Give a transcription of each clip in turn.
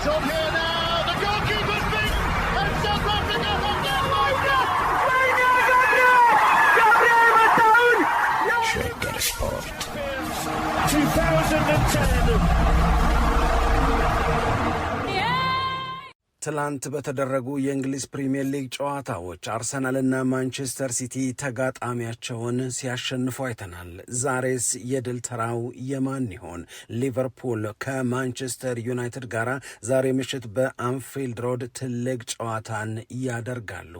It's on here. ትላንት በተደረጉ የእንግሊዝ ፕሪምየር ሊግ ጨዋታዎች አርሰናልና ማንቸስተር ሲቲ ተጋጣሚያቸውን ሲያሸንፉ አይተናል። ዛሬስ የድል ተራው የማን ይሆን? ሊቨርፑል ከማንቸስተር ዩናይትድ ጋር ዛሬ ምሽት በአንፊልድ ሮድ ትልቅ ጨዋታን ያደርጋሉ።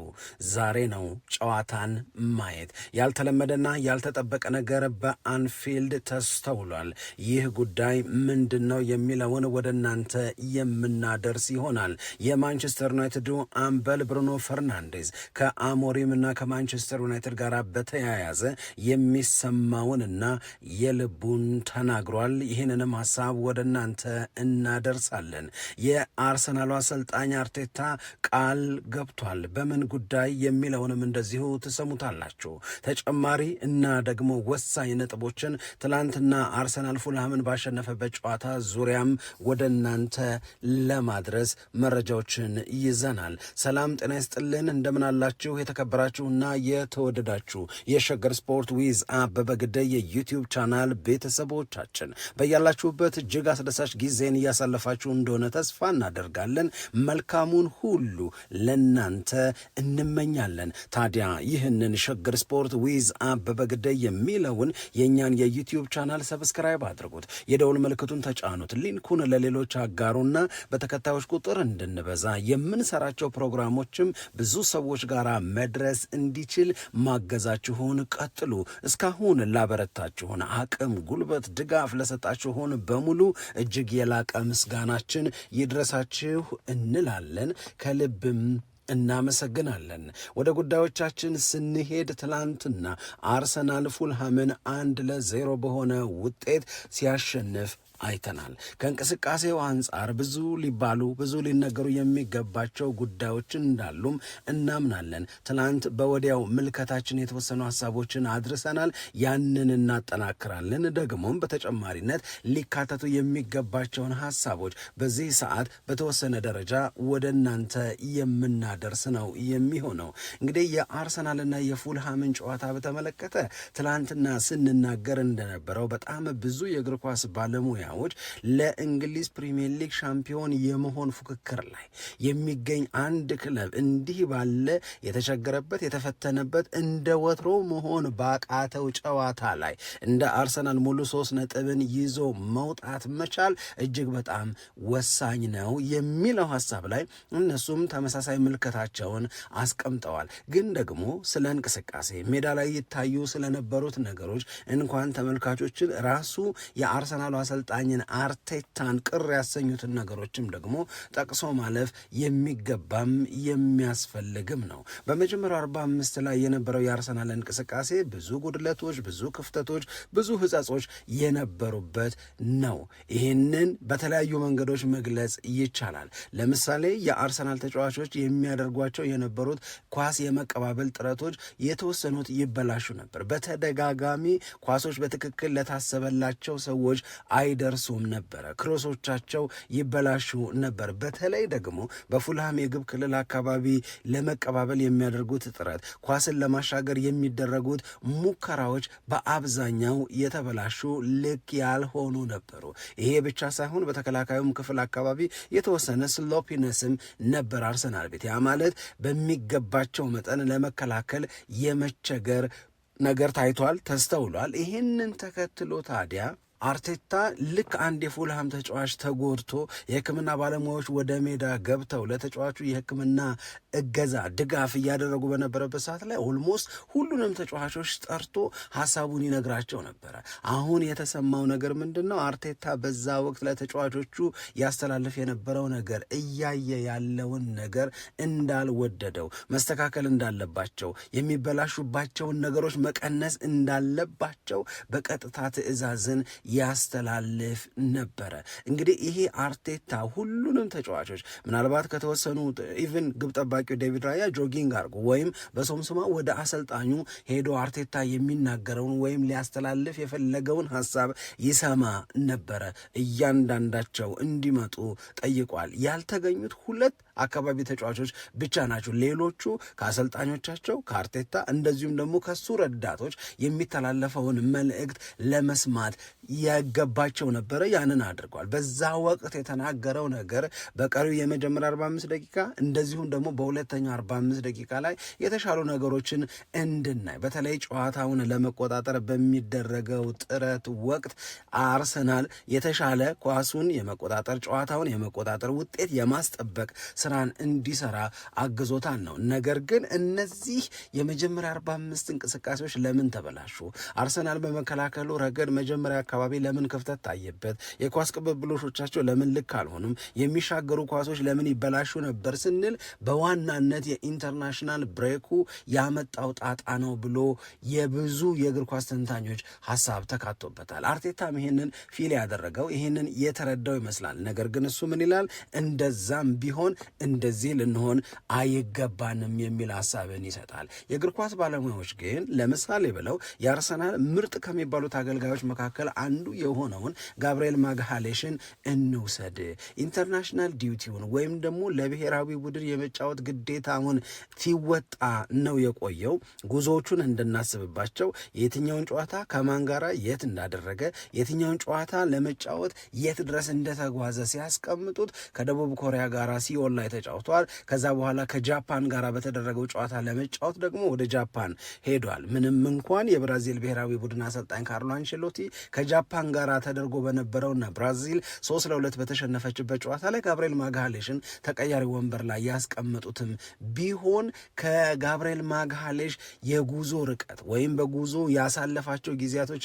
ዛሬ ነው ጨዋታን ማየት። ያልተለመደና ያልተጠበቀ ነገር በአንፊልድ ተስተውሏል። ይህ ጉዳይ ምንድን ነው የሚለውን ወደ እናንተ የምናደርስ ይሆናል። የማንቸስተር ዩናይትዱ አምበል ብሩኖ ፈርናንዴዝ ከአሞሪም እና ከማንቸስተር ዩናይትድ ጋር በተያያዘ የሚሰማውንና የልቡን ተናግሯል። ይህንንም ሀሳብ ወደ እናንተ እናደርሳለን። የአርሰናሉ አሰልጣኝ አርቴታ ቃል ገብቷል። በምን ጉዳይ የሚለውንም እንደዚሁ ትሰሙታላችሁ። ተጨማሪ እና ደግሞ ወሳኝ ነጥቦችን ትላንትና አርሰናል ፉልሃምን ባሸነፈበት ጨዋታ ዙሪያም ወደ እናንተ ለማድረስ መረጃ ጉዳዮችን ይዘናል። ሰላም ጤና ይስጥልን፣ እንደምናላችሁ የተከበራችሁና የተወደዳችሁ የሸገር ስፖርት ዊዝ አበበ ግደይ የዩቲዩብ ቻናል ቤተሰቦቻችን በያላችሁበት እጅግ አስደሳች ጊዜን እያሳለፋችሁ እንደሆነ ተስፋ እናደርጋለን። መልካሙን ሁሉ ለናንተ እንመኛለን። ታዲያ ይህንን ሸገር ስፖርት ዊዝ አበበ ግደይ የሚለውን የእኛን የዩቲዩብ ቻናል ሰብስክራይብ አድርጉት፣ የደውል ምልክቱን ተጫኑት፣ ሊንኩን ለሌሎች አጋሩና በተከታዮች ቁጥር እንድንበ እንዲበዛ የምንሰራቸው ፕሮግራሞችም ብዙ ሰዎች ጋር መድረስ እንዲችል ማገዛችሁን ቀጥሉ። እስካሁን ላበረታችሁን አቅም፣ ጉልበት፣ ድጋፍ ለሰጣችሁን በሙሉ እጅግ የላቀ ምስጋናችን ይድረሳችሁ እንላለን ከልብም እናመሰግናለን። ወደ ጉዳዮቻችን ስንሄድ ትላንትና አርሰናል ፉልሃምን አንድ ለዜሮ በሆነ ውጤት ሲያሸንፍ አይተናል። ከእንቅስቃሴው አንጻር ብዙ ሊባሉ ብዙ ሊነገሩ የሚገባቸው ጉዳዮች እንዳሉም እናምናለን። ትናንት በወዲያው ምልከታችን የተወሰኑ ሀሳቦችን አድርሰናል። ያንን እናጠናክራለን። ደግሞም በተጨማሪነት ሊካተቱ የሚገባቸውን ሀሳቦች በዚህ ሰዓት በተወሰነ ደረጃ ወደ እናንተ የምናደርስ ነው የሚሆነው። እንግዲህ የአርሰናልና የፉልሃምን ጨዋታ በተመለከተ ትናንትና ስንናገር እንደነበረው በጣም ብዙ የእግር ኳስ ባለሙያ ክለቦች ለእንግሊዝ ፕሪሚየር ሊግ ሻምፒዮን የመሆን ፉክክር ላይ የሚገኝ አንድ ክለብ እንዲህ ባለ የተቸገረበት የተፈተነበት እንደ ወትሮ መሆን ባቃተው ጨዋታ ላይ እንደ አርሰናል ሙሉ ሶስት ነጥብን ይዞ መውጣት መቻል እጅግ በጣም ወሳኝ ነው የሚለው ሀሳብ ላይ እነሱም ተመሳሳይ ምልከታቸውን አስቀምጠዋል። ግን ደግሞ ስለ እንቅስቃሴ ሜዳ ላይ ይታዩ ስለነበሩት ነገሮች እንኳን ተመልካቾችን ራሱ የአርሰናሉ አሰልጣ አሰልጣኝን አርቴታን ቅር ያሰኙትን ነገሮችም ደግሞ ጠቅሶ ማለፍ የሚገባም የሚያስፈልግም ነው። በመጀመሪያው 45 ላይ የነበረው የአርሰናል እንቅስቃሴ ብዙ ጉድለቶች፣ ብዙ ክፍተቶች፣ ብዙ ህጸጾች የነበሩበት ነው። ይህንን በተለያዩ መንገዶች መግለጽ ይቻላል። ለምሳሌ የአርሰናል ተጫዋቾች የሚያደርጓቸው የነበሩት ኳስ የመቀባበል ጥረቶች የተወሰኑት ይበላሹ ነበር። በተደጋጋሚ ኳሶች በትክክል ለታሰበላቸው ሰዎች አይደ አይደርሱም ነበረ። ክሮሶቻቸው ይበላሹ ነበር። በተለይ ደግሞ በፉልሃም የግብ ክልል አካባቢ ለመቀባበል የሚያደርጉት ጥረት፣ ኳስን ለማሻገር የሚደረጉት ሙከራዎች በአብዛኛው የተበላሹ ልክ ያልሆኑ ነበሩ። ይሄ ብቻ ሳይሆን በተከላካዩም ክፍል አካባቢ የተወሰነ ስሎፒነስም ነበር አርሰናል ቤት። ያ ማለት በሚገባቸው መጠን ለመከላከል የመቸገር ነገር ታይቷል፣ ተስተውሏል። ይህንን ተከትሎ ታዲያ አርቴታ ልክ አንድ የፉልሃም ተጫዋች ተጎድቶ የሕክምና ባለሙያዎች ወደ ሜዳ ገብተው ለተጫዋቹ የሕክምና እገዛ ድጋፍ እያደረጉ በነበረበት ሰዓት ላይ ኦልሞስት ሁሉንም ተጫዋቾች ጠርቶ ሀሳቡን ይነግራቸው ነበረ። አሁን የተሰማው ነገር ምንድን ነው? አርቴታ በዛ ወቅት ለተጫዋቾቹ ያስተላልፍ የነበረው ነገር እያየ ያለውን ነገር እንዳልወደደው፣ መስተካከል እንዳለባቸው፣ የሚበላሹባቸውን ነገሮች መቀነስ እንዳለባቸው በቀጥታ ትዕዛዝን ያስተላልፍ ነበረ። እንግዲህ ይሄ አርቴታ ሁሉንም ተጫዋቾች ምናልባት ከተወሰኑ ኢቭን ግብ ጠባቂው ዴቪድ ራያ ጆጊንግ አርጎ ወይም በሶምስማ ወደ አሰልጣኙ ሄዶ አርቴታ የሚናገረውን ወይም ሊያስተላልፍ የፈለገውን ሀሳብ ይሰማ ነበረ። እያንዳንዳቸው እንዲመጡ ጠይቋል። ያልተገኙት ሁለት አካባቢ ተጫዋቾች ብቻ ናቸው። ሌሎቹ ከአሰልጣኞቻቸው ከአርቴታ እንደዚሁም ደግሞ ከሱ ረዳቶች የሚተላለፈውን መልእክት ለመስማት ያገባቸው ነበረ። ያንን አድርጓል። በዛ ወቅት የተናገረው ነገር በቀሪው የመጀመሪያ 45 ደቂቃ እንደዚሁም ደግሞ በሁለተኛው 45 ደቂቃ ላይ የተሻሉ ነገሮችን እንድናይ በተለይ ጨዋታውን ለመቆጣጠር በሚደረገው ጥረት ወቅት አርሰናል የተሻለ ኳሱን የመቆጣጠር ጨዋታውን የመቆጣጠር ውጤት የማስጠበቅ ስራን እንዲሰራ አግዞታል ነው። ነገር ግን እነዚህ የመጀመሪያ 45 እንቅስቃሴዎች ለምን ተበላሹ? አርሰናል በመከላከሉ ረገድ መጀመሪያ አካባቢ አካባቢ ለምን ክፍተት ታየበት፣ የኳስ ቅብብሎሾቻቸው ለምን ልክ አልሆኑም፣ የሚሻገሩ ኳሶች ለምን ይበላሹ ነበር ስንል በዋናነት የኢንተርናሽናል ብሬኩ ያመጣው ጣጣ ነው ብሎ የብዙ የእግር ኳስ ተንታኞች ሀሳብ ተካቶበታል። አርቴታም ይህንን ፊል ያደረገው ይህንን የተረዳው ይመስላል። ነገር ግን እሱ ምን ይላል? እንደዛም ቢሆን እንደዚህ ልንሆን አይገባንም የሚል ሀሳብን ይሰጣል። የእግር ኳስ ባለሙያዎች ግን ለምሳሌ ብለው የአርሰናል ምርጥ ከሚባሉት አገልጋዮች መካከል አንዱ አንዱ የሆነውን ጋብርኤል ማግሃሌሽን እንውሰድ። ኢንተርናሽናል ዲዩቲውን ወይም ደግሞ ለብሔራዊ ቡድን የመጫወት ግዴታውን ሲወጣ ነው የቆየው። ጉዞዎቹን እንድናስብባቸው የትኛውን ጨዋታ ከማን ጋራ የት እንዳደረገ የትኛውን ጨዋታ ለመጫወት የት ድረስ እንደተጓዘ ሲያስቀምጡት ከደቡብ ኮሪያ ጋር ሲኦል ላይ ተጫውቷል። ከዛ በኋላ ከጃፓን ጋር በተደረገው ጨዋታ ለመጫወት ደግሞ ወደ ጃፓን ሄዷል። ምንም እንኳን የብራዚል ብሔራዊ ቡድን አሰልጣኝ ካርሎ አንቸሎቲ ከጃፓን ከጃፓን ጋር ተደርጎ በነበረውና ብራዚል ሶስት ለሁለት በተሸነፈችበት ጨዋታ ላይ ጋብርኤል ማግሃሌሽን ተቀያሪ ወንበር ላይ ያስቀመጡትም ቢሆን ከጋብርኤል ማግሃሌሽ የጉዞ ርቀት ወይም በጉዞ ያሳለፋቸው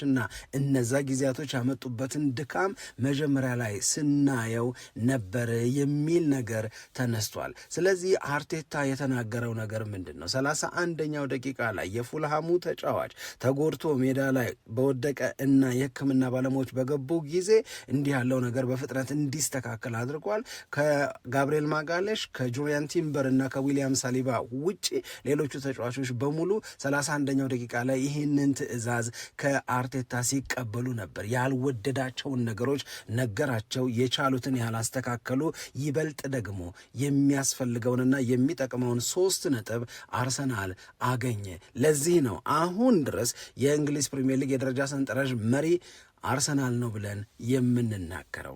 እና እነዛ ጊዜያቶች ያመጡበትን ድካም መጀመሪያ ላይ ስናየው ነበር የሚል ነገር ተነስቷል። ስለዚህ አርቴታ የተናገረው ነገር ምንድን ነው? ሰላሳ አንደኛው ደቂቃ ላይ የፉልሃሙ ተጫዋች ተጎድቶ ሜዳ ላይ በወደቀ እና የሕክምና ባለሙያዎች በገቡ ጊዜ እንዲህ ያለው ነገር በፍጥነት እንዲስተካከል አድርጓል። ከጋብርኤል ማጋለሽ ከጁሪያን ቲምበር እና ከዊሊያም ሳሊባ ውጪ ሌሎቹ ተጫዋቾች በሙሉ ሰላሳ አንደኛው ደቂቃ ላይ ይህንን ትዕዛዝ ከአርቴታ ሲቀበሉ ነበር። ያልወደዳቸውን ነገሮች ነገራቸው፣ የቻሉትን ያላስተካከሉ ይበልጥ ደግሞ የሚያስፈልገውንና የሚጠቅመውን ሶስት ነጥብ አርሰናል አገኘ። ለዚህ ነው አሁን ድረስ የእንግሊዝ ፕሪምየር ሊግ የደረጃ ሰንጠረዥ መሪ አርሰናል ነው ብለን የምንናገረው።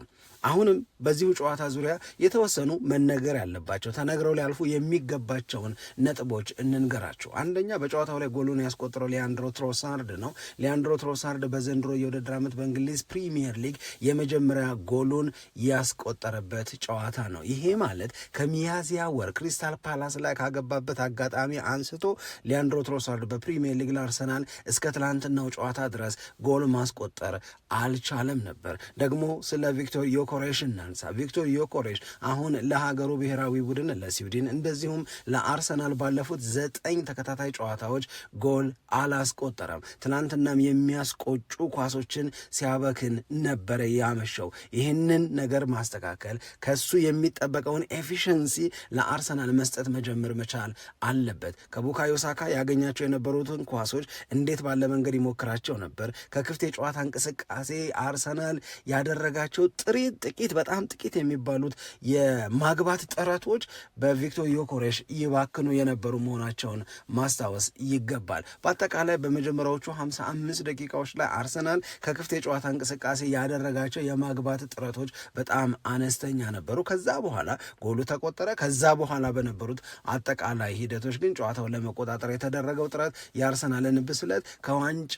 አሁንም በዚሁ ጨዋታ ዙሪያ የተወሰኑ መነገር ያለባቸው ተነግረው ሊያልፉ የሚገባቸውን ነጥቦች እንንገራቸው። አንደኛ በጨዋታው ላይ ጎሉን ያስቆጠረው ሊያንድሮ ትሮሳርድ ነው። ሊያንድሮ ትሮሳርድ በዘንድሮ የውድድር ዓመት በእንግሊዝ ፕሪሚየር ሊግ የመጀመሪያ ጎሉን ያስቆጠረበት ጨዋታ ነው። ይሄ ማለት ከሚያዝያ ወር ክሪስታል ፓላስ ላይ ካገባበት አጋጣሚ አንስቶ ሊያንድሮ ትሮሳርድ በፕሪሚየር ሊግ ለአርሰናል እስከ ትላንትናው ጨዋታ ድረስ ጎል ማስቆጠር አልቻለም ነበር። ደግሞ ስለ ቪክቶር ዮኮሬሽ እናንሳ። ቪክቶር ዮኮሬሽ አሁን ለሀገሩ ብሔራዊ ቡድን ለስዊድን እንደዚሁም ለአርሰናል ባለፉት ዘጠኝ ተከታታይ ጨዋታዎች ጎል አላስቆጠረም። ትናንትናም የሚያስቆጩ ኳሶችን ሲያበክን ነበረ ያመሸው። ይህንን ነገር ማስተካከል ከሱ የሚጠበቀውን ኤፊሽንሲ ለአርሰናል መስጠት መጀመር መቻል አለበት። ከቡካዮ ሳካ ያገኛቸው የነበሩትን ኳሶች እንዴት ባለ መንገድ ይሞክራቸው ነበር? ከክፍት የጨዋታ እንቅስቃሴ አርሰናል ያደረጋቸው ጥሪት ጥቂት በጣም ጥቂት የሚባሉት የማግባት ጥረቶች በቪክቶር ዮኮሬሽ ይባክኑ የነበሩ መሆናቸውን ማስታወስ ይገባል። በአጠቃላይ በመጀመሪያዎቹ 55 ደቂቃዎች ላይ አርሰናል ከክፍት የጨዋታ እንቅስቃሴ ያደረጋቸው የማግባት ጥረቶች በጣም አነስተኛ ነበሩ። ከዛ በኋላ ጎሉ ተቆጠረ። ከዛ በኋላ በነበሩት አጠቃላይ ሂደቶች ግን ጨዋታውን ለመቆጣጠር የተደረገው ጥረት የአርሰናልን ብስለት ከዋንጫ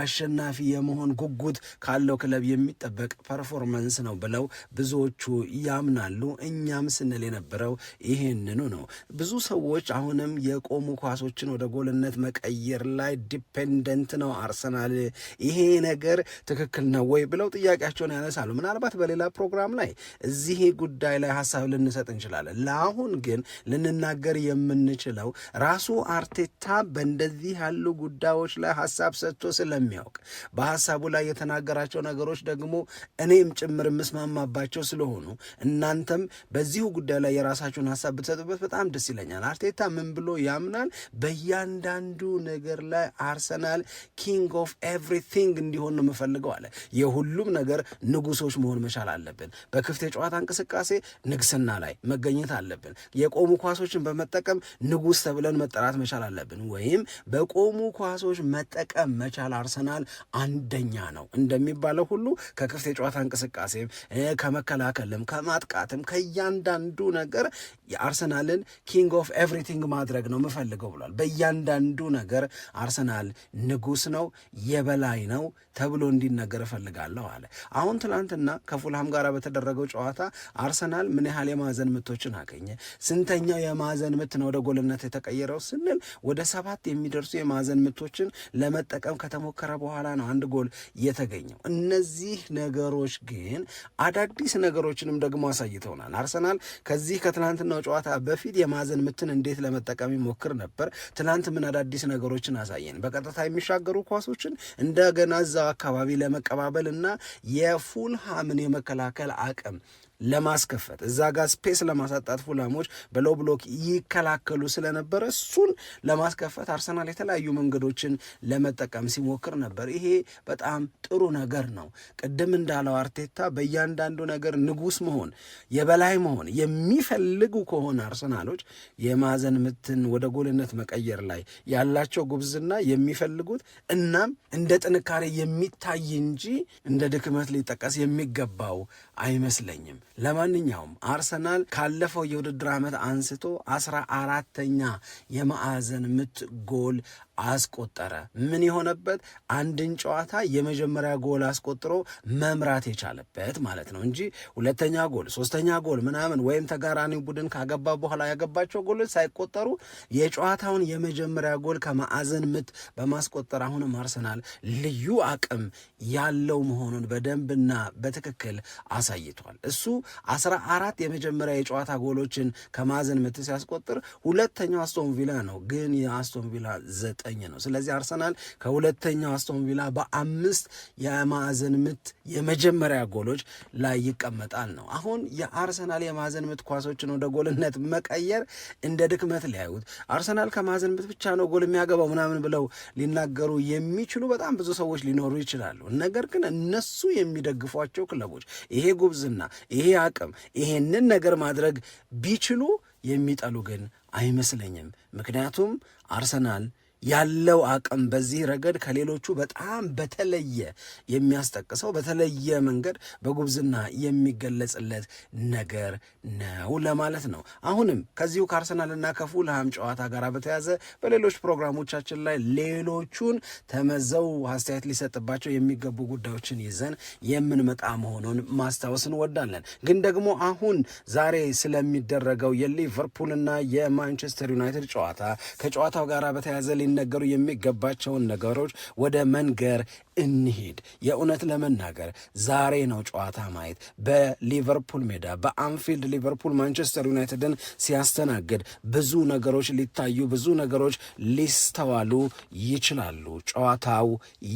አሸናፊ የመሆን ጉጉት ካለው ክለብ የሚጠበቅ ፐርፎርመንስ ነው ብለው ብዙዎቹ ያምናሉ። እኛም ስንል የነበረው ይህንኑ ነው። ብዙ ሰዎች አሁንም የቆሙ ኳሶችን ወደ ጎልነት መቀየር ላይ ዲፔንደንት ነው አርሰናል፣ ይሄ ነገር ትክክል ነው ወይ ብለው ጥያቄያቸውን ያነሳሉ። ምናልባት በሌላ ፕሮግራም ላይ እዚህ ጉዳይ ላይ ሀሳብ ልንሰጥ እንችላለን። ለአሁን ግን ልንናገር የምንችለው ራሱ አርቴታ በእንደዚህ ያሉ ጉዳዮች ላይ ሀሳብ ሰጥቶ ስለ ስለሚያውቅ በሐሳቡ ላይ የተናገራቸው ነገሮች ደግሞ እኔም ጭምር የምስማማባቸው ስለሆኑ እናንተም በዚሁ ጉዳይ ላይ የራሳችሁን ሐሳብ ብትሰጡበት በጣም ደስ ይለኛል። አርቴታ ምን ብሎ ያምናል? በእያንዳንዱ ነገር ላይ አርሰናል ኪንግ ኦፍ ኤቭሪቲንግ እንዲሆን ነው የምፈልገው አለ። የሁሉም ነገር ንጉሶች መሆን መቻል አለብን። በክፍት የጨዋታ እንቅስቃሴ ንግስና ላይ መገኘት አለብን። የቆሙ ኳሶችን በመጠቀም ንጉስ ተብለን መጠራት መቻል አለብን። ወይም በቆሙ ኳሶች መጠቀም መቻል አርሰናል አንደኛ ነው። እንደሚባለው ሁሉ ከክፍት የጨዋታ እንቅስቃሴም ከመከላከልም ከማጥቃትም ከእያንዳንዱ ነገር የአርሰናልን ኪንግ ኦፍ ኤቭሪቲንግ ማድረግ ነው የምፈልገው ብሏል። በእያንዳንዱ ነገር አርሰናል ንጉስ ነው፣ የበላይ ነው ተብሎ እንዲነገር እፈልጋለሁ አለ። አሁን ትናንትና ከፉልሃም ጋር በተደረገው ጨዋታ አርሰናል ምን ያህል የማዕዘን ምቶችን አገኘ፣ ስንተኛው የማዕዘን ምት ነው ወደ ጎልነት የተቀየረው ስንል ወደ ሰባት የሚደርሱ የማዕዘን ምቶችን ለመጠቀም ከተሞከ ከሞከረ በኋላ ነው አንድ ጎል የተገኘው። እነዚህ ነገሮች ግን አዳዲስ ነገሮችንም ደግሞ አሳይተውናል። አርሰናል ከዚህ ከትናንትናው ጨዋታ በፊት የማዕዘን ምትን እንዴት ለመጠቀም ይሞክር ነበር። ትናንት ምን አዳዲስ ነገሮችን አሳየን? በቀጥታ የሚሻገሩ ኳሶችን እንደገና እዛው አካባቢ ለመቀባበል እና የፉልሃምን የመከላከል አቅም ለማስከፈት እዛ ጋር ስፔስ ለማሳጣት ፉላሞች በሎው ብሎክ ይከላከሉ ስለነበረ እሱን ለማስከፈት አርሰናል የተለያዩ መንገዶችን ለመጠቀም ሲሞክር ነበር። ይሄ በጣም ጥሩ ነገር ነው። ቅድም እንዳለው አርቴታ በእያንዳንዱ ነገር ንጉስ መሆን የበላይ መሆን የሚፈልጉ ከሆነ አርሰናሎች የማዕዘን ምትን ወደ ጎልነት መቀየር ላይ ያላቸው ጉብዝና የሚፈልጉት እናም እንደ ጥንካሬ የሚታይ እንጂ እንደ ድክመት ሊጠቀስ የሚገባው አይመስለኝም። ለማንኛውም አርሰናል ካለፈው የውድድር ዓመት አንስቶ አስራ አራተኛ የማዕዘን ምት ጎል አስቆጠረ። ምን የሆነበት አንድን ጨዋታ የመጀመሪያ ጎል አስቆጥሮ መምራት የቻለበት ማለት ነው እንጂ ሁለተኛ ጎል፣ ሶስተኛ ጎል ምናምን ወይም ተጋራኒ ቡድን ካገባ በኋላ ያገባቸው ጎሎች ሳይቆጠሩ የጨዋታውን የመጀመሪያ ጎል ከማዕዘን ምት በማስቆጠር አሁንም አርሰናል ልዩ አቅም ያለው መሆኑን በደንብና በትክክል አሳይቷል። እሱ አስራ አራት የመጀመሪያ የጨዋታ ጎሎችን ከማዕዘን ምት ሲያስቆጥር ሁለተኛው አስቶን ቪላ ነው። ግን የአስቶን ቪላ ዘጠኝ ነው። ስለዚህ አርሰናል ከሁለተኛው አስቶን ቪላ በአምስት የማዕዘን ምት የመጀመሪያ ጎሎች ላይ ይቀመጣል ነው። አሁን የአርሰናል የማዕዘን ምት ኳሶችን ወደ ጎልነት መቀየር እንደ ድክመት ሊያዩት አርሰናል ከማዕዘን ምት ብቻ ነው ጎል የሚያገባው ምናምን ብለው ሊናገሩ የሚችሉ በጣም ብዙ ሰዎች ሊኖሩ ይችላሉ። ነገር ግን እነሱ የሚደግፏቸው ክለቦች ይሄ ጉብዝና፣ ይሄ አቅም፣ ይሄንን ነገር ማድረግ ቢችሉ የሚጠሉ ግን አይመስለኝም። ምክንያቱም አርሰናል ያለው አቅም በዚህ ረገድ ከሌሎቹ በጣም በተለየ የሚያስጠቅሰው በተለየ መንገድ በጉብዝና የሚገለጽለት ነገር ነው ለማለት ነው። አሁንም ከዚሁ ከአርሰናልና ከፉልሃም ጨዋታ ጋር በተያዘ በሌሎች ፕሮግራሞቻችን ላይ ሌሎቹን ተመዘው አስተያየት ሊሰጥባቸው የሚገቡ ጉዳዮችን ይዘን የምንመጣ መሆኑን ማስታወስ እንወዳለን። ግን ደግሞ አሁን ዛሬ ስለሚደረገው የሊቨርፑልና የማንቸስተር ዩናይትድ ጨዋታ ከጨዋታው ጋር በተያዘ ሊነገሩ የሚገባቸውን ነገሮች ወደ መንገር እንሄድ የእውነት ለመናገር ዛሬ ነው ጨዋታ ማየት በሊቨርፑል ሜዳ በአንፊልድ ሊቨርፑል ማንቸስተር ዩናይትድን ሲያስተናግድ ብዙ ነገሮች ሊታዩ ብዙ ነገሮች ሊስተዋሉ ይችላሉ። ጨዋታው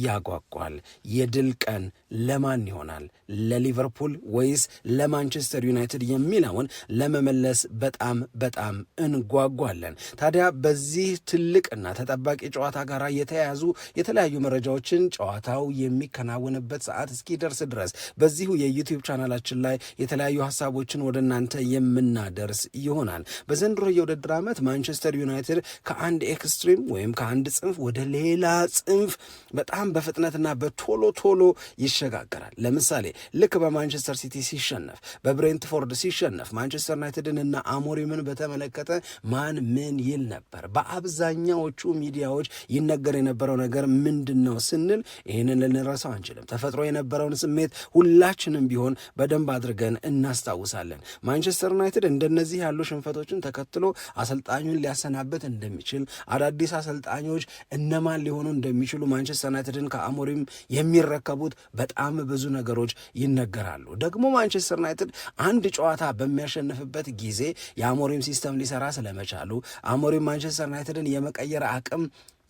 ያጓጓል። የድል ቀን ለማን ይሆናል? ለሊቨርፑል ወይስ ለማንቸስተር ዩናይትድ የሚለውን ለመመለስ በጣም በጣም እንጓጓለን። ታዲያ በዚህ ትልቅና ተጠባቂ ጨዋታ ጋር የተያያዙ የተለያዩ መረጃዎችን ጨዋታ ጨዋታው የሚከናወንበት ሰዓት እስኪደርስ ድረስ በዚሁ የዩቲዩብ ቻናላችን ላይ የተለያዩ ሀሳቦችን ወደ እናንተ የምናደርስ ይሆናል። በዘንድሮ የውድድር ዓመት ማንቸስተር ዩናይትድ ከአንድ ኤክስትሪም ወይም ከአንድ ጽንፍ ወደ ሌላ ጽንፍ በጣም በፍጥነትና በቶሎ ቶሎ ይሸጋገራል። ለምሳሌ ልክ በማንቸስተር ሲቲ ሲሸነፍ፣ በብሬንትፎርድ ሲሸነፍ ማንቸስተር ዩናይትድን እና አሞሪምን በተመለከተ ማን ምን ይል ነበር? በአብዛኛዎቹ ሚዲያዎች ይነገር የነበረው ነገር ምንድን ነው ስንል ይህንን ልንረሳው አንችልም። ተፈጥሮ የነበረውን ስሜት ሁላችንም ቢሆን በደንብ አድርገን እናስታውሳለን። ማንቸስተር ዩናይትድ እንደነዚህ ያሉ ሽንፈቶችን ተከትሎ አሰልጣኙን ሊያሰናበት እንደሚችል፣ አዳዲስ አሰልጣኞች እነማን ሊሆኑ እንደሚችሉ ማንቸስተር ዩናይትድን ከአሞሪም የሚረከቡት በጣም ብዙ ነገሮች ይነገራሉ። ደግሞ ማንቸስተር ዩናይትድ አንድ ጨዋታ በሚያሸንፍበት ጊዜ የአሞሪም ሲስተም ሊሰራ ስለመቻሉ አሞሪም ማንቸስተር ዩናይትድን የመቀየር አቅም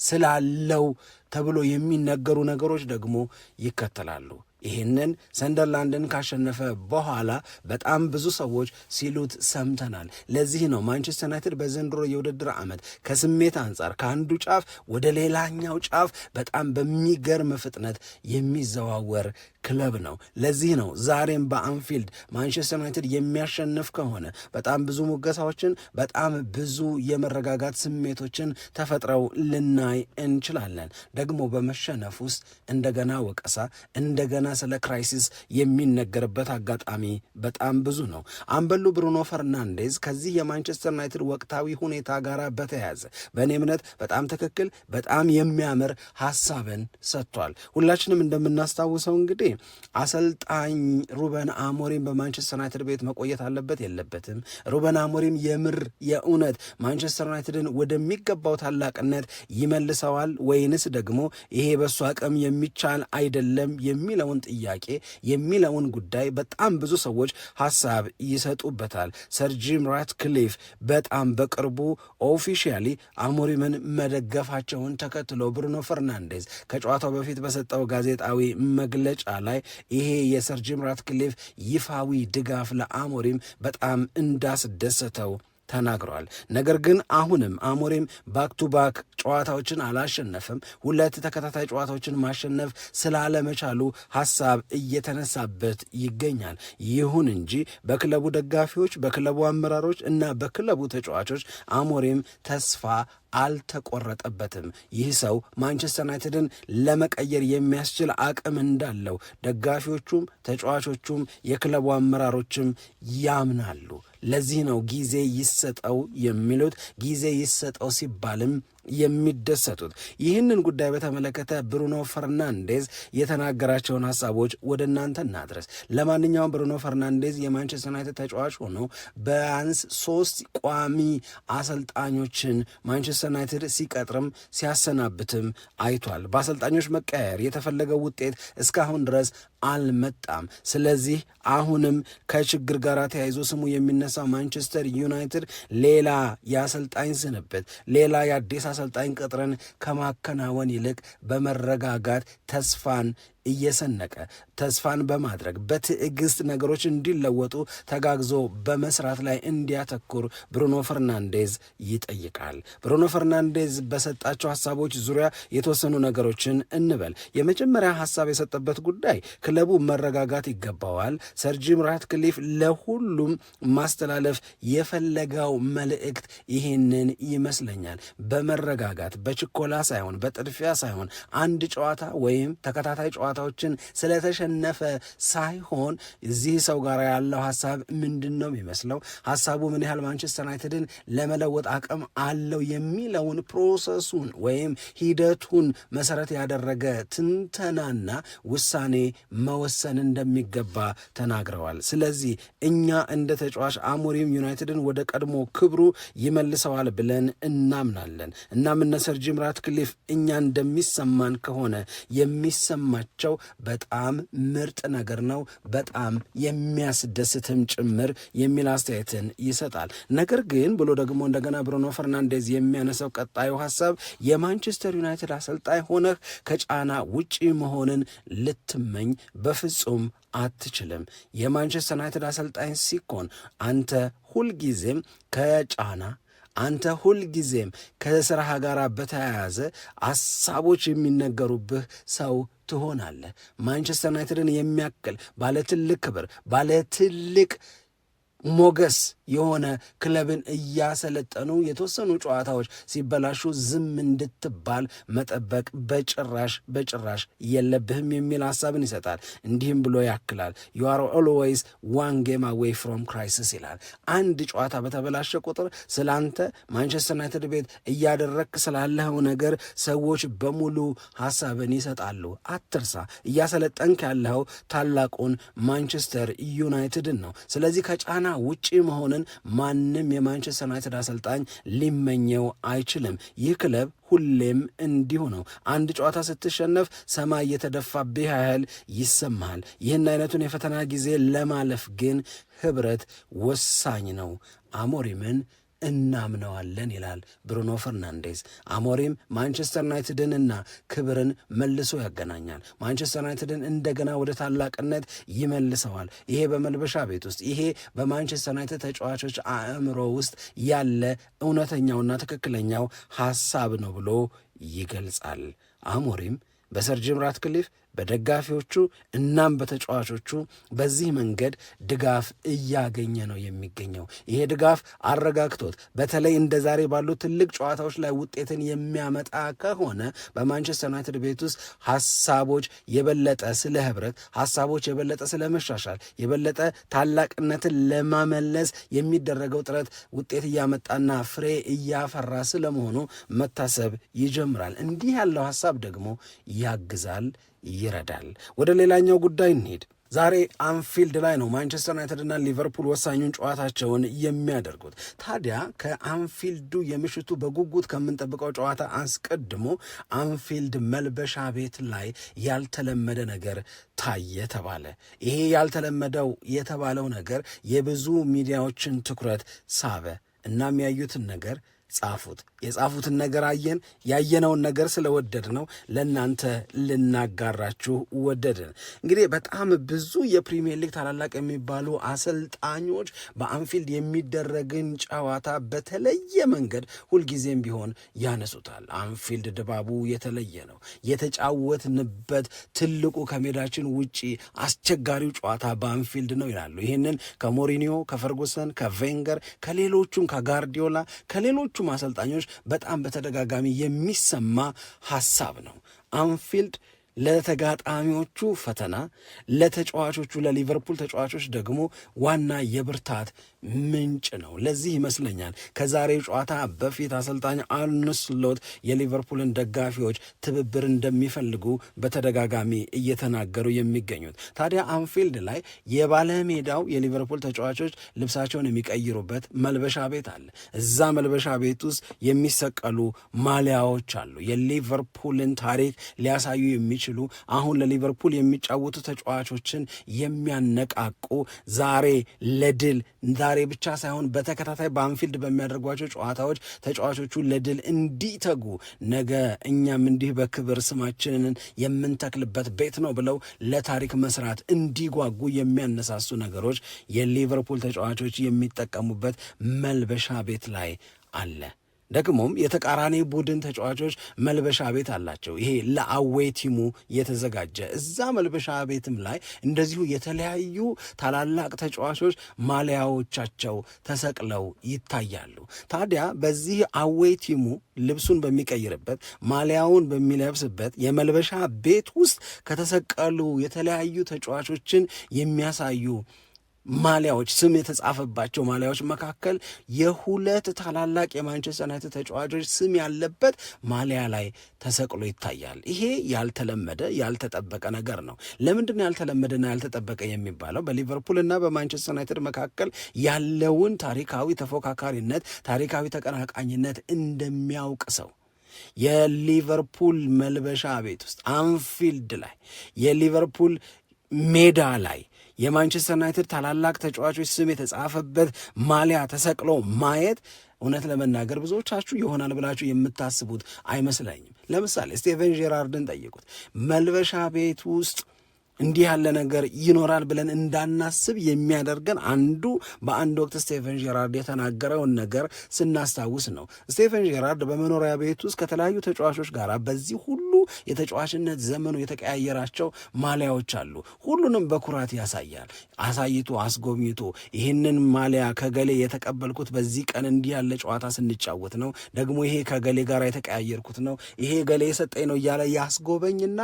ስላለው ተብሎ የሚነገሩ ነገሮች ደግሞ ይከተላሉ። ይህንን ሰንደርላንድን ካሸነፈ በኋላ በጣም ብዙ ሰዎች ሲሉት ሰምተናል። ለዚህ ነው ማንቸስተር ዩናይትድ በዘንድሮ የውድድር ዓመት ከስሜት አንጻር ከአንዱ ጫፍ ወደ ሌላኛው ጫፍ በጣም በሚገርም ፍጥነት የሚዘዋወር ክለብ ነው። ለዚህ ነው ዛሬም በአንፊልድ ማንቸስተር ዩናይትድ የሚያሸንፍ ከሆነ በጣም ብዙ ሙገሳዎችን፣ በጣም ብዙ የመረጋጋት ስሜቶችን ተፈጥረው ልናይ እንችላለን። ደግሞ በመሸነፍ ውስጥ እንደገና ወቀሳ እንደገና ስለ ክራይሲስ የሚነገርበት አጋጣሚ በጣም ብዙ ነው። አምበሉ ብሩኖ ፈርናንዴዝ ከዚህ የማንቸስተር ዩናይትድ ወቅታዊ ሁኔታ ጋር በተያያዘ በእኔ እምነት በጣም ትክክል፣ በጣም የሚያምር ሀሳብን ሰጥቷል። ሁላችንም እንደምናስታውሰው እንግዲህ አሰልጣኝ ሩበን አሞሪም በማንቸስተር ዩናይትድ ቤት መቆየት አለበት የለበትም፣ ሩበን አሞሪም የምር የእውነት ማንቸስተር ዩናይትድን ወደሚገባው ታላቅነት ይመልሰዋል ወይንስ ደግሞ ይሄ በሱ አቅም የሚቻል አይደለም የሚለውን የሚለውን ጥያቄ የሚለውን ጉዳይ በጣም ብዙ ሰዎች ሀሳብ ይሰጡበታል። ሰር ጂም ራትክሊፍ በጣም በቅርቡ ኦፊሻሊ አሞሪምን መደገፋቸውን ተከትሎ ብሩኖ ፈርናንዴዝ ከጨዋታው በፊት በሰጠው ጋዜጣዊ መግለጫ ላይ ይሄ የሰር ጂም ራትክሊፍ ይፋዊ ድጋፍ ለአሞሪም በጣም እንዳስደሰተው ተናግረዋል። ነገር ግን አሁንም አሞሪም ባክ ቱ ባክ ጨዋታዎችን አላሸነፈም። ሁለት ተከታታይ ጨዋታዎችን ማሸነፍ ስላለመቻሉ ሀሳብ እየተነሳበት ይገኛል። ይሁን እንጂ በክለቡ ደጋፊዎች፣ በክለቡ አመራሮች እና በክለቡ ተጫዋቾች አሞሪም ተስፋ አልተቆረጠበትም። ይህ ሰው ማንቸስተር ዩናይትድን ለመቀየር የሚያስችል አቅም እንዳለው ደጋፊዎቹም ተጫዋቾቹም የክለቡ አመራሮችም ያምናሉ። ለዚህ ነው ጊዜ ይሰጠው የሚሉት። ጊዜ ይሰጠው ሲባልም የሚደሰቱት። ይህንን ጉዳይ በተመለከተ ብሩኖ ፈርናንዴዝ የተናገራቸውን ሀሳቦች ወደ እናንተ እናድረስ። ለማንኛውም ብሩኖ ፈርናንዴዝ የማንቸስተር ዩናይትድ ተጫዋች ሆኖ በአንስ ሶስት ቋሚ አሰልጣኞችን ማንቸስተር ዩናይትድ ሲቀጥርም ሲያሰናብትም አይቷል። በአሰልጣኞች መቀያየር የተፈለገው ውጤት እስካሁን ድረስ አልመጣም። ስለዚህ አሁንም ከችግር ጋር ተያይዞ ስሙ የሚነሳው ማንቸስተር ዩናይትድ ሌላ የአሰልጣኝ ስንብት፣ ሌላ የአዲስ አሰልጣኝ ቅጥርን ከማከናወን ይልቅ በመረጋጋት ተስፋን እየሰነቀ ተስፋን በማድረግ በትዕግስት ነገሮች እንዲለወጡ ተጋግዞ በመስራት ላይ እንዲያተኩር ብሩኖ ፈርናንዴዝ ይጠይቃል። ብሩኖ ፈርናንዴዝ በሰጣቸው ሀሳቦች ዙሪያ የተወሰኑ ነገሮችን እንበል። የመጀመሪያ ሀሳብ የሰጠበት ጉዳይ ክለቡ መረጋጋት ይገባዋል። ሰር ጂም ራትክሊፍ ለሁሉም ማስተላለፍ የፈለገው መልእክት ይህንን ይመስለኛል። በመረጋጋት በችኮላ ሳይሆን፣ በጥድፊያ ሳይሆን አንድ ጨዋታ ወይም ተከታታይ ጨዋታ ጨዋታዎችን ስለተሸነፈ ሳይሆን እዚህ ሰው ጋር ያለው ሀሳብ ምንድን ነው የሚመስለው፣ ሀሳቡ ምን ያህል ማንቸስተር ዩናይትድን ለመለወጥ አቅም አለው የሚለውን ፕሮሰሱን ወይም ሂደቱን መሰረት ያደረገ ትንተናና ውሳኔ መወሰን እንደሚገባ ተናግረዋል። ስለዚህ እኛ እንደ ተጫዋች አሞሪም ዩናይትድን ወደ ቀድሞ ክብሩ ይመልሰዋል ብለን እናምናለን። እናም እነ ሰር ጂም ራትክሊፍ እኛ እንደሚሰማን ከሆነ የሚሰማቸው መሆናቸው በጣም ምርጥ ነገር ነው፣ በጣም የሚያስደስትም ጭምር የሚል አስተያየትን ይሰጣል። ነገር ግን ብሎ ደግሞ እንደገና ብሩኖ ፈርናንዴዝ የሚያነሳው ቀጣዩ ሀሳብ የማንቸስተር ዩናይትድ አሰልጣኝ ሆነህ ከጫና ውጪ መሆንን ልትመኝ በፍጹም አትችልም። የማንቸስተር ዩናይትድ አሰልጣኝ ሲኮን አንተ ሁልጊዜም ከጫና አንተ ሁልጊዜም ከስራህ ጋር በተያያዘ ሀሳቦች የሚነገሩብህ ሰው ትሆናለህ። ማንቸስተር ዩናይትድን የሚያክል ባለ ትልቅ ክብር፣ ባለ ትልቅ ሞገስ የሆነ ክለብን እያሰለጠኑ የተወሰኑ ጨዋታዎች ሲበላሹ ዝም እንድትባል መጠበቅ በጭራሽ በጭራሽ የለብህም የሚል ሀሳብን ይሰጣል። እንዲህም ብሎ ያክላል ዩአር ኦልዌይስ ዋን ጌም አዌይ ፍሮም ክራይሲስ ይላል። አንድ ጨዋታ በተበላሸ ቁጥር ስላንተ ማንቸስተር ዩናይትድ ቤት እያደረግክ ስላለኸው ነገር ሰዎች በሙሉ ሀሳብን ይሰጣሉ። አትርሳ፣ እያሰለጠንክ ያለኸው ታላቁን ማንቸስተር ዩናይትድን ነው። ስለዚህ ከጫና ውጪ መሆን መሆንን ማንም የማንቸስተር ዩናይትድ አሰልጣኝ ሊመኘው አይችልም። ይህ ክለብ ሁሌም እንዲሁ ነው። አንድ ጨዋታ ስትሸነፍ ሰማይ የተደፋብህ ያህል ይሰማሃል። ይህን አይነቱን የፈተና ጊዜ ለማለፍ ግን ህብረት ወሳኝ ነው። አሞሪምን እናምነዋለን ይላል ብሩኖ ፈርናንዴዝ። አሞሪም ማንቸስተር ዩናይትድንና ክብርን መልሶ ያገናኛል። ማንቸስተር ዩናይትድን እንደገና ወደ ታላቅነት ይመልሰዋል። ይሄ በመልበሻ ቤት ውስጥ ይሄ በማንቸስተር ዩናይትድ ተጫዋቾች አእምሮ ውስጥ ያለ እውነተኛውና ትክክለኛው ሐሳብ ነው ብሎ ይገልጻል። አሞሪም በሰር ጂም ራትክሊፍ በደጋፊዎቹ እናም በተጫዋቾቹ በዚህ መንገድ ድጋፍ እያገኘ ነው የሚገኘው። ይሄ ድጋፍ አረጋግቶት በተለይ እንደ ዛሬ ባሉ ትልቅ ጨዋታዎች ላይ ውጤትን የሚያመጣ ከሆነ በማንቸስተር ዩናይትድ ቤት ውስጥ ሀሳቦች የበለጠ ስለ ህብረት፣ ሀሳቦች የበለጠ ስለ መሻሻል፣ የበለጠ ታላቅነትን ለማመለስ የሚደረገው ጥረት ውጤት እያመጣና ፍሬ እያፈራ ስለመሆኑ መታሰብ ይጀምራል። እንዲህ ያለው ሀሳብ ደግሞ ያግዛል ይረዳል። ወደ ሌላኛው ጉዳይ እንሄድ። ዛሬ አንፊልድ ላይ ነው ማንቸስተር ዩናይትድ እና ሊቨርፑል ወሳኙን ጨዋታቸውን የሚያደርጉት። ታዲያ ከአንፊልዱ የምሽቱ በጉጉት ከምንጠብቀው ጨዋታ አስቀድሞ አንፊልድ መልበሻ ቤት ላይ ያልተለመደ ነገር ታየ ተባለ። ይሄ ያልተለመደው የተባለው ነገር የብዙ ሚዲያዎችን ትኩረት ሳበ። እና ያዩትን ነገር ጻፉት። የጻፉትን ነገር አየን። ያየነውን ነገር ስለወደድ ነው ለእናንተ ልናጋራችሁ ወደድን። እንግዲህ በጣም ብዙ የፕሪሚየር ሊግ ታላላቅ የሚባሉ አሰልጣኞች በአንፊልድ የሚደረግን ጨዋታ በተለየ መንገድ ሁልጊዜም ቢሆን ያነሱታል። አንፊልድ ድባቡ የተለየ ነው። የተጫወትንበት ትልቁ ከሜዳችን ውጪ አስቸጋሪው ጨዋታ በአንፊልድ ነው ይላሉ። ይህንን ከሞሪኒዮ ከፈርጉሰን ከቬንገር ከሌሎቹም ከጋርዲዮላ ከሌሎች ከሁለቱም አሰልጣኞች በጣም በተደጋጋሚ የሚሰማ ሐሳብ ነው። አንፊልድ ለተጋጣሚዎቹ ፈተና፣ ለተጫዋቾቹ ለሊቨርፑል ተጫዋቾች ደግሞ ዋና የብርታት ምንጭ ነው። ለዚህ ይመስለኛል ከዛሬ ጨዋታ በፊት አሰልጣኝ አርነ ስሎት የሊቨርፑልን ደጋፊዎች ትብብር እንደሚፈልጉ በተደጋጋሚ እየተናገሩ የሚገኙት። ታዲያ አንፊልድ ላይ የባለሜዳው የሊቨርፑል ተጫዋቾች ልብሳቸውን የሚቀይሩበት መልበሻ ቤት አለ። እዛ መልበሻ ቤት ውስጥ የሚሰቀሉ ማሊያዎች አሉ። የሊቨርፑልን ታሪክ ሊያሳዩ የሚችሉ አሁን ለሊቨርፑል የሚጫወቱ ተጫዋቾችን የሚያነቃቁ ዛሬ ለድል ዛሬ ዛሬ ብቻ ሳይሆን በተከታታይ በአንፊልድ በሚያደርጓቸው ጨዋታዎች ተጫዋቾቹ ለድል እንዲተጉ ነገ እኛም እንዲህ በክብር ስማችንን የምንተክልበት ቤት ነው ብለው ለታሪክ መስራት እንዲጓጉ የሚያነሳሱ ነገሮች የሊቨርፑል ተጫዋቾች የሚጠቀሙበት መልበሻ ቤት ላይ አለ። ደግሞም የተቃራኒ ቡድን ተጫዋቾች መልበሻ ቤት አላቸው። ይሄ ለአዌ ቲሙ የተዘጋጀ እዛ መልበሻ ቤትም ላይ እንደዚሁ የተለያዩ ታላላቅ ተጫዋቾች ማሊያዎቻቸው ተሰቅለው ይታያሉ። ታዲያ በዚህ አዌ ቲሙ ልብሱን በሚቀይርበት ማሊያውን በሚለብስበት የመልበሻ ቤት ውስጥ ከተሰቀሉ የተለያዩ ተጫዋቾችን የሚያሳዩ ማሊያዎች ስም የተጻፈባቸው ማሊያዎች መካከል የሁለት ታላላቅ የማንቸስተር ዩናይትድ ተጫዋቾች ስም ያለበት ማሊያ ላይ ተሰቅሎ ይታያል። ይሄ ያልተለመደ ያልተጠበቀ ነገር ነው። ለምንድን ነው ያልተለመደና ያልተጠበቀ የሚባለው? በሊቨርፑል እና በማንቸስተር ዩናይትድ መካከል ያለውን ታሪካዊ ተፎካካሪነት፣ ታሪካዊ ተቀናቃኝነት እንደሚያውቅ ሰው የሊቨርፑል መልበሻ ቤት ውስጥ አንፊልድ ላይ የሊቨርፑል ሜዳ ላይ የማንቸስተር ዩናይትድ ታላላቅ ተጫዋቾች ስም የተጻፈበት ማሊያ ተሰቅሎ ማየት እውነት ለመናገር ብዙዎቻችሁ ይሆናል ብላችሁ የምታስቡት አይመስለኝም። ለምሳሌ ስቴቨን ጄራርድን ጠይቁት። መልበሻ ቤት ውስጥ እንዲህ ያለ ነገር ይኖራል ብለን እንዳናስብ የሚያደርገን አንዱ በአንድ ወቅት ስቴፈን ጄራርድ የተናገረውን ነገር ስናስታውስ ነው። ስቴፈን ጄራርድ በመኖሪያ ቤት ውስጥ ከተለያዩ ተጫዋቾች ጋር በዚህ ሁሉ የተጫዋችነት ዘመኑ የተቀያየራቸው ማሊያዎች አሉ። ሁሉንም በኩራት ያሳያል። አሳይቶ አስጎብኝቶ ይህንን ማሊያ ከገሌ የተቀበልኩት በዚህ ቀን እንዲህ ያለ ጨዋታ ስንጫወት ነው፣ ደግሞ ይሄ ከገሌ ጋር የተቀያየርኩት ነው፣ ይሄ ገሌ የሰጠኝ ነው እያለ ያስጎበኝና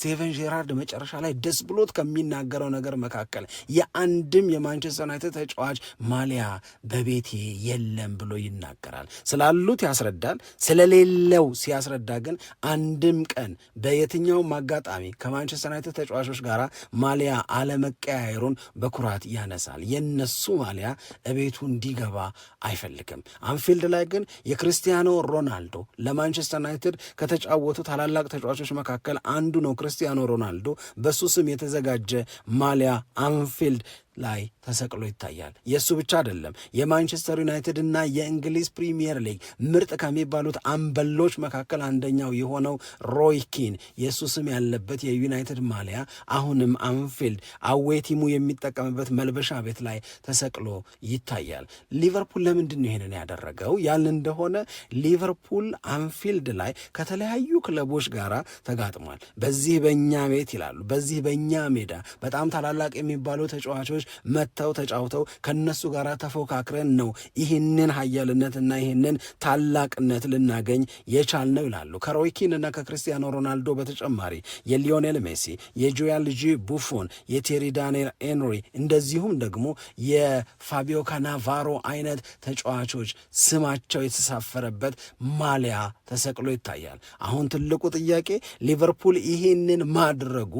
ስቴቨን ጄራርድ መጨረሻ ላይ ደስ ብሎት ከሚናገረው ነገር መካከል የአንድም የማንቸስተር ዩናይትድ ተጫዋች ማሊያ በቤቴ የለም ብሎ ይናገራል። ስላሉት ያስረዳል፣ ስለሌለው ሲያስረዳ ግን አንድም ቀን ቀን በየትኛውም አጋጣሚ ከማንቸስተር ዩናይትድ ተጫዋቾች ጋር ማሊያ አለመቀያየሩን በኩራት ያነሳል። የነሱ ማሊያ እቤቱ እንዲገባ አይፈልግም። አንፊልድ ላይ ግን የክርስቲያኖ ሮናልዶ ለማንቸስተር ዩናይትድ ከተጫወቱ ታላላቅ ተጫዋቾች መካከል አንዱ ነው። ክርስቲያኖ ሮናልዶ በሱ ስም የተዘጋጀ ማሊያ አንፊልድ ላይ ተሰቅሎ ይታያል። የእሱ ብቻ አይደለም። የማንቸስተር ዩናይትድ እና የእንግሊዝ ፕሪምየር ሊግ ምርጥ ከሚባሉት አምበሎች መካከል አንደኛው የሆነው ሮይ ኪን የእሱ ስም ያለበት የዩናይትድ ማሊያ አሁንም አንፊልድ አዌይ ቲሙ የሚጠቀምበት መልበሻ ቤት ላይ ተሰቅሎ ይታያል። ሊቨርፑል ለምንድን ነው ይሄንን ያደረገው ያል እንደሆነ ሊቨርፑል አንፊልድ ላይ ከተለያዩ ክለቦች ጋር ተጋጥሟል። በዚህ በእኛ ቤት ይላሉ፣ በዚህ በእኛ ሜዳ በጣም ታላላቅ የሚባሉ ተጫዋቾች መጥተው ተጫውተው ከነሱ ጋር ተፎካክረን ነው ይህንን እና ይህንን ታላቅነት ልናገኝ የቻልነው ይላሉ። ከሮይኪን እና ከክርስቲያኖ ሮናልዶ በተጨማሪ የሊዮኔል ሜሲ፣ የጆያን ልጂ ቡፎን፣ የቴሪ ዳንኤል ኤንሪ እንደዚሁም ደግሞ የፋቢዮ ካናቫሮ አይነት ተጫዋቾች ስማቸው የተሳፈረበት ማሊያ ተሰቅሎ ይታያል። አሁን ትልቁ ጥያቄ ሊቨርፑል ይህንን ማድረጉ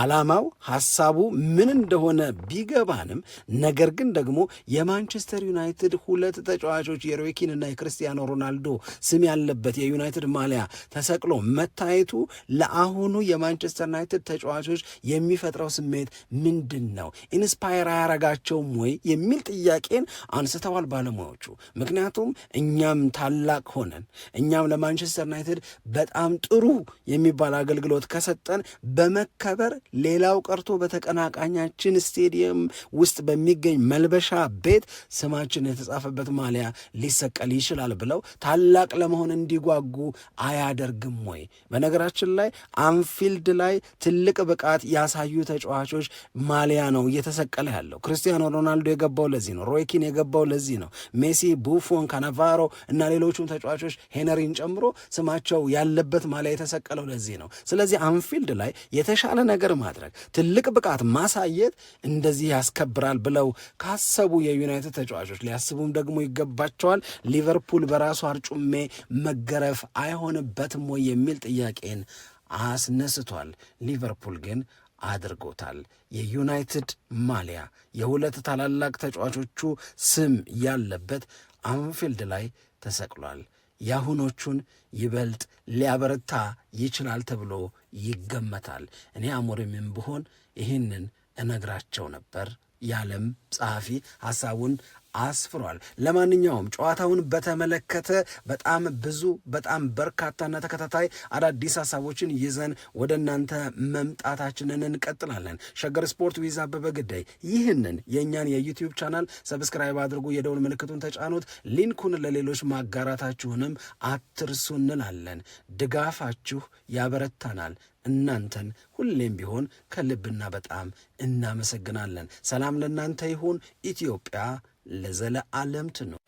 ዓላማው ሐሳቡ ምን እንደሆነ ቢገባንም ነገር ግን ደግሞ የማንቸስተር ዩናይትድ ሁለት ተጫዋቾች የሮይኪን እና የክርስቲያኖ ሮናልዶ ስም ያለበት የዩናይትድ ማሊያ ተሰቅሎ መታየቱ ለአሁኑ የማንቸስተር ዩናይትድ ተጫዋቾች የሚፈጥረው ስሜት ምንድን ነው? ኢንስፓየር አያረጋቸውም ወይ የሚል ጥያቄን አንስተዋል ባለሙያዎቹ። ምክንያቱም እኛም ታላቅ ሆነን እኛም ለማንቸስተር ዩናይትድ በጣም ጥሩ የሚባል አገልግሎት ከሰጠን በመከበር ሌላው ቀርቶ በተቀናቃኛችን ስቴዲየም ውስጥ በሚገኝ መልበሻ ቤት ስማችን የተጻፈበት ማሊያ ሊሰቀል ይችላል ብለው ታላቅ ለመሆን እንዲጓጉ አያደርግም ወይ? በነገራችን ላይ አንፊልድ ላይ ትልቅ ብቃት ያሳዩ ተጫዋቾች ማሊያ ነው እየተሰቀለ ያለው። ክርስቲያኖ ሮናልዶ የገባው ለዚህ ነው። ሮይኪን የገባው ለዚህ ነው። ሜሲ፣ ቡፎን፣ ካናቫሮ እና ሌሎቹም ተጫዋቾች ሄነሪን ጨምሮ ስማቸው ያለበት ማሊያ የተሰቀለው ለዚህ ነው። ስለዚህ አንፊልድ ላይ የተሻለ ነገር ንግግር ማድረግ፣ ትልቅ ብቃት ማሳየት እንደዚህ ያስከብራል ብለው ካሰቡ የዩናይትድ ተጫዋቾች ሊያስቡም ደግሞ ይገባቸዋል። ሊቨርፑል በራሱ አርጩሜ መገረፍ አይሆንበትም ወይ የሚል ጥያቄን አስነስቷል። ሊቨርፑል ግን አድርጎታል። የዩናይትድ ማሊያ የሁለት ታላላቅ ተጫዋቾቹ ስም ያለበት አንፊልድ ላይ ተሰቅሏል። የአሁኖቹን ይበልጥ ሊያበረታ ይችላል ተብሎ ይገመታል። እኔ አሞሪምም ብሆን ይህንን እነግራቸው ነበር የዓለም ጸሐፊ ሐሳቡን አስፍሯል። ለማንኛውም ጨዋታውን በተመለከተ በጣም ብዙ በጣም በርካታና ተከታታይ አዳዲስ ሀሳቦችን ይዘን ወደ እናንተ መምጣታችንን እንቀጥላለን። ሸገር ስፖርት ዊዝ አበበ ግዳይ። ይህንን የእኛን የዩቲዩብ ቻናል ሰብስክራይብ አድርጉ፣ የደውል ምልክቱን ተጫኑት፣ ሊንኩን ለሌሎች ማጋራታችሁንም አትርሱ እንላለን። ድጋፋችሁ ያበረታናል። እናንተን ሁሌም ቢሆን ከልብና በጣም እናመሰግናለን። ሰላም ሰላም ለእናንተ ይሁን። ኢትዮጵያ ለዘለዓለም ትኑር።